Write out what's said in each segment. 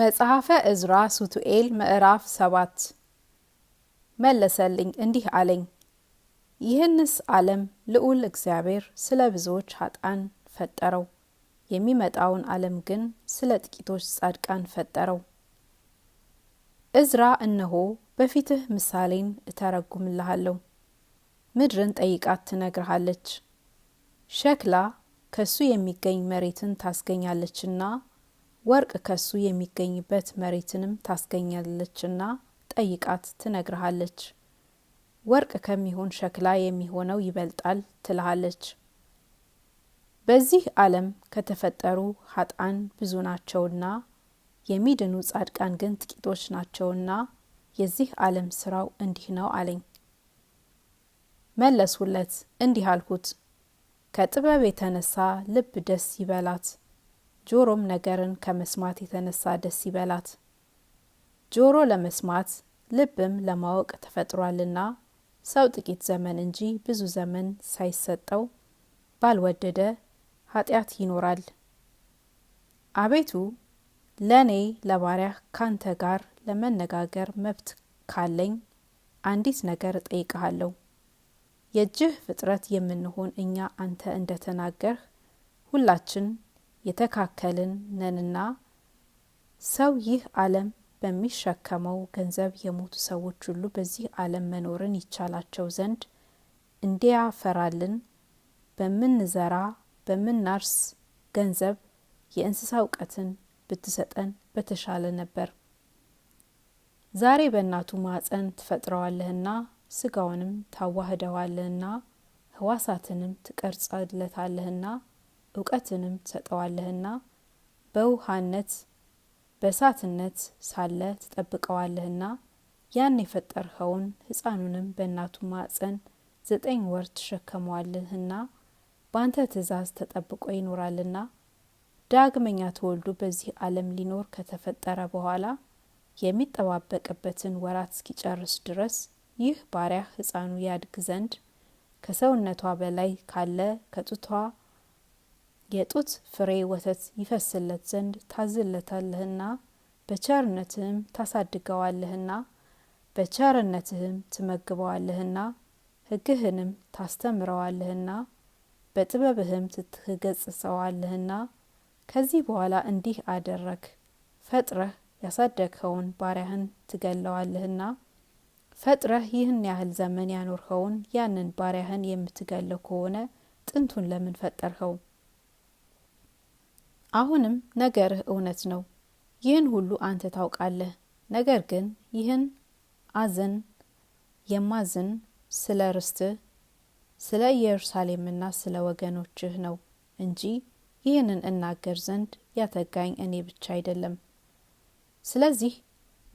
መጽሐፈ እዝራ ሱቱኤል ምዕራፍ ሰባት መለሰልኝ እንዲህ አለኝ፣ ይህንስ ዓለም ልዑል እግዚአብሔር ስለ ብዙዎች ሀጣን ፈጠረው፣ የሚመጣውን ዓለም ግን ስለ ጥቂቶች ጻድቃን ፈጠረው። እዝራ እነሆ በፊትህ ምሳሌን እተረጉምልሃለሁ፣ ምድርን ጠይቃት ትነግርሃለች። ሸክላ ከሱ የሚገኝ መሬትን ታስገኛለችና ወርቅ ከሱ የሚገኝበት መሬትንም ታስገኛለችና ጠይቃት ትነግርሃለች። ወርቅ ከሚሆን ሸክላ የሚሆነው ይበልጣል ትልሃለች። በዚህ ዓለም ከተፈጠሩ ሀጣን ብዙ ናቸውና የሚድኑ ጻድቃን ግን ጥቂቶች ናቸውና የዚህ ዓለም ስራው እንዲህ ነው አለኝ። መለሱለት እንዲህ አልኩት፦ ከጥበብ የተነሳ ልብ ደስ ይበላት ጆሮም ነገርን ከመስማት የተነሳ ደስ ይበላት። ጆሮ ለመስማት ልብም ለማወቅ ተፈጥሯልና ሰው ጥቂት ዘመን እንጂ ብዙ ዘመን ሳይሰጠው ባልወደደ ኃጢአት ይኖራል። አቤቱ ለእኔ ለባሪያህ ካንተ ጋር ለመነጋገር መብት ካለኝ አንዲት ነገር እጠይቅሃለሁ። የእጅህ ፍጥረት የምንሆን እኛ አንተ እንደ ተናገርህ ሁላችን የተካከልን ነንና ሰው ይህ ዓለም በሚሸከመው ገንዘብ የሞቱ ሰዎች ሁሉ በዚህ ዓለም መኖርን ይቻላቸው ዘንድ እንዲያፈራልን በምንዘራ በምናርስ ገንዘብ የእንስሳ እውቀትን ብትሰጠን በተሻለ ነበር። ዛሬ በእናቱ ማጸን ትፈጥረዋለህና ስጋውንም ታዋህደዋለህና ህዋሳትንም ትቀርጸለታለህና እውቀትንም ትሰጠዋለህና በውሃነት በእሳትነት ሳለ ትጠብቀዋለህና ያን የፈጠርኸውን ህፃኑንም በእናቱ ማፀን ዘጠኝ ወር ትሸከመዋለህና በአንተ ትእዛዝ ተጠብቆ ይኖራልና ዳግመኛ ተወልዶ በዚህ ዓለም ሊኖር ከተፈጠረ በኋላ የሚጠባበቅበትን ወራት እስኪጨርስ ድረስ ይህ ባሪያ ህፃኑ ያድግ ዘንድ ከሰውነቷ በላይ ካለ ከጡቷ የጡት ፍሬ ወተት ይፈስለት ዘንድ ታዝለታለህና በቸርነትህም ታሳድገዋለህና በቸርነትህም ትመግበዋለህና ሕግህንም ታስተምረዋለህና በጥበብህም ትገስጸዋለህና ከዚህ በኋላ እንዲህ አደረግ ፈጥረህ ያሳደግኸውን ባሪያህን ትገለዋለህና ፈጥረህ ይህን ያህል ዘመን ያኖርኸውን ያንን ባሪያህን የምትገለው ከሆነ ጥንቱን ለምን ፈጠርኸው? አሁንም ነገርህ እውነት ነው፣ ይህን ሁሉ አንተ ታውቃለህ። ነገር ግን ይህን አዘን የማዝን ስለ ርስትህ ስለ ኢየሩሳሌምና ስለ ወገኖችህ ነው እንጂ ይህንን እናገር ዘንድ ያተጋኝ እኔ ብቻ አይደለም። ስለዚህ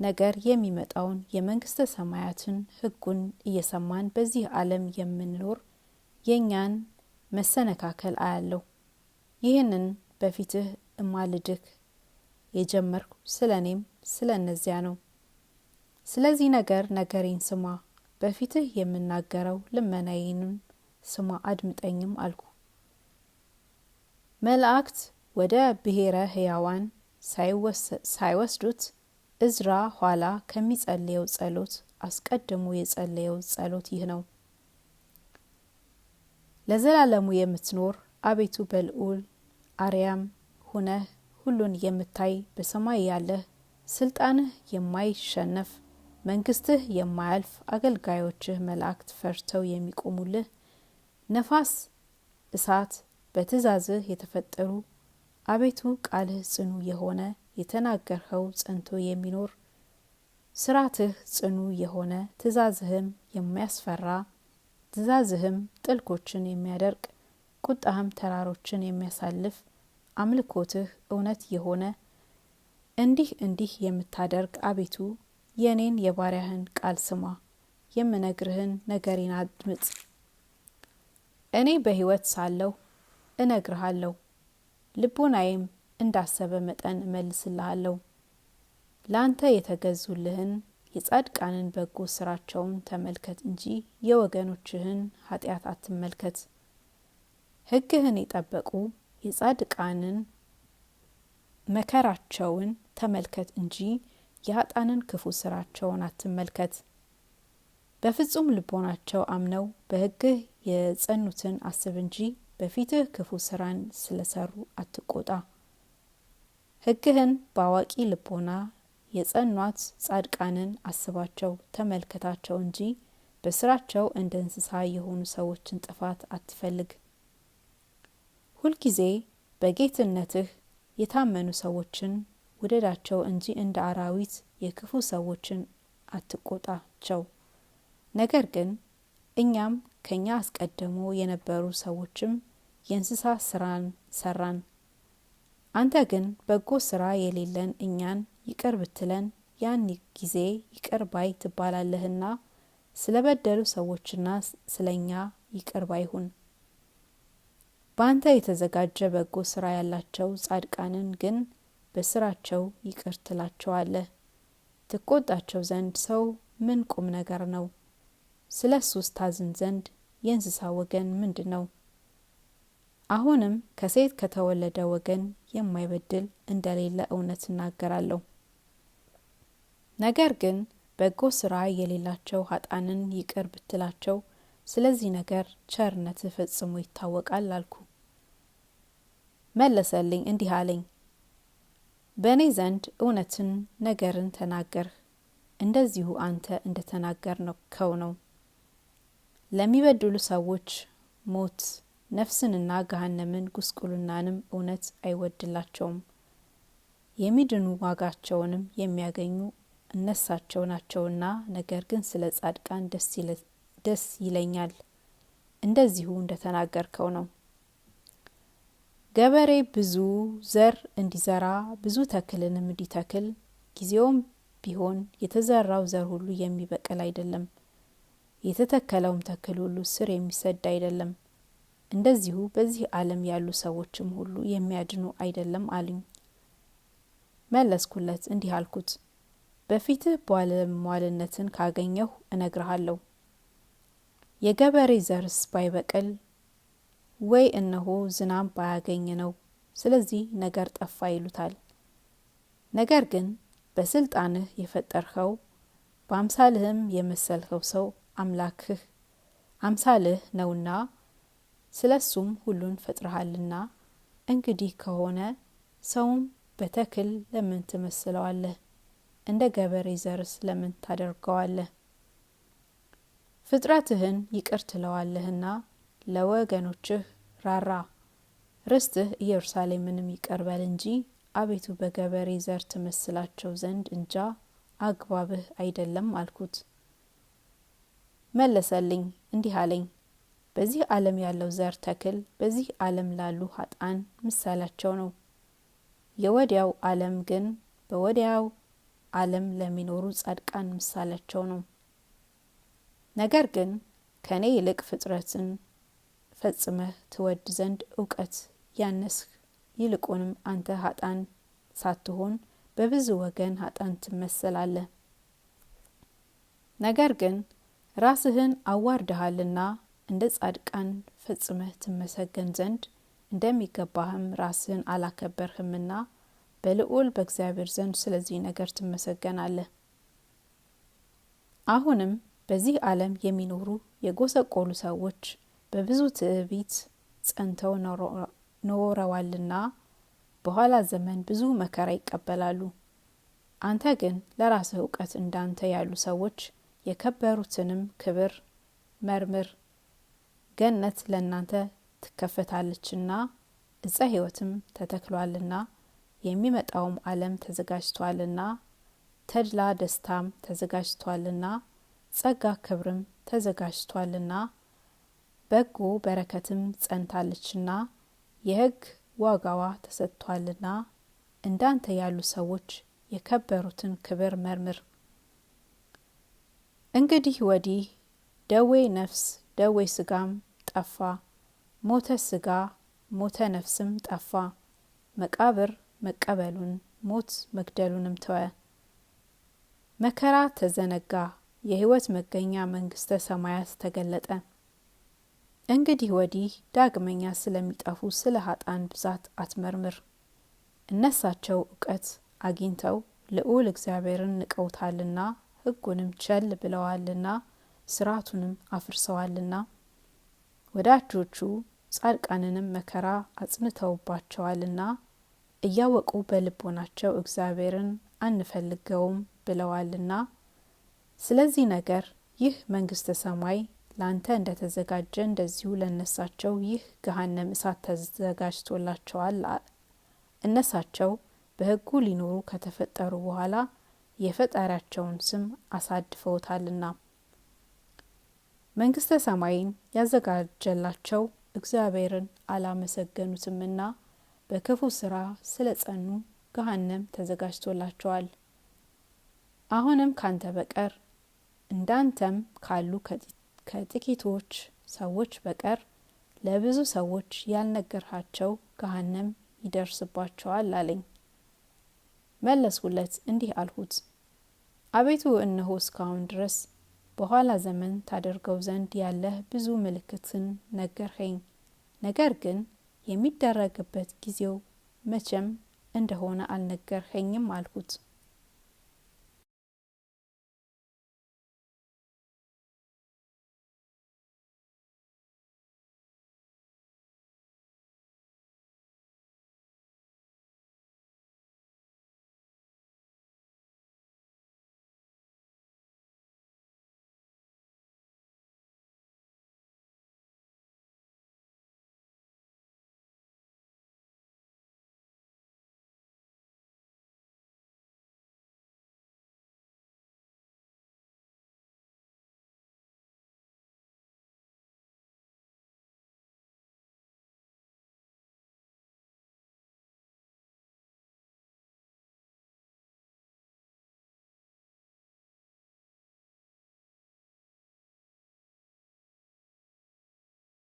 ነገር የሚመጣውን የመንግስተ ሰማያትን ሕጉን እየሰማን በዚህ ዓለም የምንኖር የእኛን መሰነካከል አያለሁ። ይህንን በፊትህ እማልድህ የጀመርኩ ስለ እኔም ስለ እነዚያ ነው። ስለዚህ ነገር ነገሬን ስማ፣ በፊትህ የምናገረው ልመናዬንም ስማ አድምጠኝም አልኩ። መላእክት ወደ ብሔረ ሕያዋን ሳይወስዱት እዝራ ኋላ ከሚጸልየው ጸሎት አስቀድሞ የጸለየው ጸሎት ይህ ነው። ለዘላለሙ የምትኖር አቤቱ በልዑል አርያም ሁነህ ሁሉን የምታይ በሰማይ ያለህ ስልጣንህ የማይሸነፍ መንግስትህ የማያልፍ አገልጋዮችህ መላእክት ፈርተው የሚቆሙልህ ነፋስ እሳት በትእዛዝህ የተፈጠሩ አቤቱ ቃልህ ጽኑ የሆነ የተናገርኸው ጸንቶ የሚኖር ስራትህ ጽኑ የሆነ ትእዛዝህም የሚያስፈራ ትእዛዝህም ጥልኮችን የሚያደርግ ቁጣህም ተራሮችን የሚያሳልፍ አምልኮትህ እውነት የሆነ እንዲህ እንዲህ የምታደርግ አቤቱ የእኔን የባሪያህን ቃል ስማ፣ የምነግርህን ነገሬን አድምጥ። እኔ በሕይወት ሳለሁ እነግርሃለሁ፣ ልቡናዬም እንዳሰበ መጠን እመልስልሃለሁ። ለአንተ የተገዙልህን የጻድቃንን በጎ ስራቸውን ተመልከት እንጂ የወገኖችህን ኃጢአት አትመልከት። ሕግህን የጠበቁ የጻድቃንን መከራቸውን ተመልከት እንጂ የአጣንን ክፉ ስራቸውን አትመልከት። በፍጹም ልቦናቸው አምነው በሕግህ የጸኑትን አስብ እንጂ በፊትህ ክፉ ስራን ስለሰሩ አትቆጣ። ሕግህን በአዋቂ ልቦና የጸኗት ጻድቃንን አስባቸው ተመልከታቸው እንጂ በስራቸው እንደ እንስሳ የሆኑ ሰዎችን ጥፋት አትፈልግ። ሁልጊዜ በጌትነትህ የታመኑ ሰዎችን ውደዳቸው እንጂ እንደ አራዊት የክፉ ሰዎችን አትቆጣቸው። ነገር ግን እኛም ከኛ አስቀድሞ የነበሩ ሰዎችም የእንስሳ ስራን ሰራን። አንተ ግን በጎ ስራ የሌለን እኛን ይቅር ብትለን ያን ጊዜ ይቅር ባይ ትባላለህና ስለ በደሉ ሰዎችና ስለ እኛ ይቅር ባይሁን። በአንተ የተዘጋጀ በጎ ስራ ያላቸው ጻድቃንን ግን በስራቸው ይቅር ትላቸዋለህ። ትቆጣቸው ዘንድ ሰው ምን ቁም ነገር ነው? ስለ እሱስ ታዝን ዘንድ የእንስሳ ወገን ምንድን ነው? አሁንም ከሴት ከተወለደ ወገን የማይበድል እንደሌለ እውነት እናገራለሁ። ነገር ግን በጎ ስራ የሌላቸው ሀጣንን ይቅር ብትላቸው፣ ስለዚህ ነገር ቸርነት ፈጽሞ ይታወቃል አልኩ። መለሰልኝ እንዲህ አለኝ፣ በእኔ ዘንድ እውነትን ነገርን ተናገርህ፣ እንደዚሁ አንተ እንደ ተናገር ከው ነው። ለሚበድሉ ሰዎች ሞት ነፍስንና ገሃነምን ጉስቁልናንም እውነት አይወድላቸውም። የሚድኑ ዋጋቸውንም የሚያገኙ እነሳቸው ናቸውና። ነገር ግን ስለ ጻድቃን ደስ ይለኛል፣ እንደዚሁ እንደ ተናገርከው ነው። ገበሬ ብዙ ዘር እንዲዘራ ብዙ ተክልንም እንዲተክል ጊዜውም ቢሆን የተዘራው ዘር ሁሉ የሚበቅል አይደለም፣ የተተከለውም ተክል ሁሉ ስር የሚሰድ አይደለም። እንደዚሁ በዚህ ዓለም ያሉ ሰዎችም ሁሉ የሚያድኑ አይደለም አሉኝ። መለስኩለት እንዲህ አልኩት፣ በፊትህ ባለሟልነትን ካገኘሁ እነግርሃለሁ። የገበሬ ዘርስ ባይበቅል ወይ እነሆ ዝናብ ባያገኝ ነው፣ ስለዚህ ነገር ጠፋ ይሉታል። ነገር ግን በስልጣንህ የፈጠርኸው በአምሳልህም የመሰልኸው ሰው አምላክህ አምሳልህ ነውና ስለ እሱም ሁሉን ፈጥረሃልና። እንግዲህ ከሆነ ሰውም በተክል ለምን ትመስለዋለህ? እንደ ገበሬ ዘርስ ለምን ታደርገዋለህ? ፍጥረትህን ይቅር ትለዋለህና ለወገኖችህ ራራ፣ ርስትህ ኢየሩሳሌምንም ይቀርበል እንጂ አቤቱ በገበሬ ዘር ትመስላቸው ዘንድ እንጃ አግባብህ አይደለም አልኩት። መለሰልኝ እንዲህ አለኝ፣ በዚህ ዓለም ያለው ዘር ተክል በዚህ ዓለም ላሉ ሀጣን ምሳሌያቸው ነው። የወዲያው ዓለም ግን በወዲያው ዓለም ለሚኖሩ ጻድቃን ምሳሌያቸው ነው። ነገር ግን ከእኔ ይልቅ ፍጥረትን ፈጽመህ ትወድ ዘንድ እውቀት ያነስህ፣ ይልቁንም አንተ ሀጣን ሳትሆን በብዙ ወገን ሀጣን ትመሰላለህ። ነገር ግን ራስህን አዋርደሃልና እንደ ጻድቃን ፈጽመህ ትመሰገን ዘንድ እንደሚገባህም ራስህን አላከበርህምና በልዑል በእግዚአብሔር ዘንድ ስለዚህ ነገር ትመሰገናለህ። አሁንም በዚህ ዓለም የሚኖሩ የጎሰቆሉ ሰዎች በብዙ ትዕቢት ጸንተው ኖረዋልና በኋላ ዘመን ብዙ መከራ ይቀበላሉ። አንተ ግን ለራስህ እውቀት እንዳንተ ያሉ ሰዎች የከበሩትንም ክብር መርምር። ገነት ለእናንተ ትከፈታለችና እፀ ሕይወትም ተተክሏልና የሚመጣውም ዓለም ተዘጋጅቷልና ተድላ ደስታም ተዘጋጅቷልና ጸጋ ክብርም ተዘጋጅቷልና በጎ በረከትም ጸንታለችና የሕግ ዋጋዋ ተሰጥቷልና እንዳንተ ያሉ ሰዎች የከበሩትን ክብር መርምር። እንግዲህ ወዲህ ደዌ ነፍስ ደዌ ስጋም ጠፋ፣ ሞተ ስጋ ሞተ ነፍስም ጠፋ። መቃብር መቀበሉን ሞት መግደሉንም ተወ። መከራ ተዘነጋ፣ የህይወት መገኛ መንግስተ ሰማያት ተገለጠ። እንግዲህ ወዲህ ዳግመኛ ስለሚጠፉ ስለ ሀጣን ብዛት አትመርምር። እነሳቸው እውቀት አግኝተው ልዑል እግዚአብሔርን ንቀውታልና ሕጉንም ቸል ብለዋልና ስርዓቱንም አፍርሰዋልና ወዳጆቹ ጻድቃንንም መከራ አጽንተውባቸዋልና እያወቁ በልቦናቸው እግዚአብሔርን አንፈልገውም ብለዋልና። ስለዚህ ነገር ይህ መንግስተ ሰማይ ለአንተ እንደተዘጋጀ እንደዚሁ ለነሳቸው ይህ ገሃነም እሳት ተዘጋጅቶላቸዋል። እነሳቸው በህጉ ሊኖሩ ከተፈጠሩ በኋላ የፈጣሪያቸውን ስም አሳድፈውታልና። መንግስተ ሰማይን ያዘጋጀላቸው እግዚአብሔርን አላመሰገኑትምና በክፉ ስራ ስለ ጸኑ ገሃነም ተዘጋጅቶላቸዋል። አሁንም ካንተ በቀር እንዳንተም ካሉ ከጥቂቶች ሰዎች በቀር ለብዙ ሰዎች ያልነገርሃቸው ገሃነም ይደርስባቸዋል አለኝ። መለስሁለት እንዲህ አልሁት፣ አቤቱ እነሆ እስካሁን ድረስ በኋላ ዘመን ታደርገው ዘንድ ያለህ ብዙ ምልክትን ነገርኸኝ። ነገር ግን የሚደረግበት ጊዜው መቼም እንደሆነ አልነገርኸኝም አልሁት።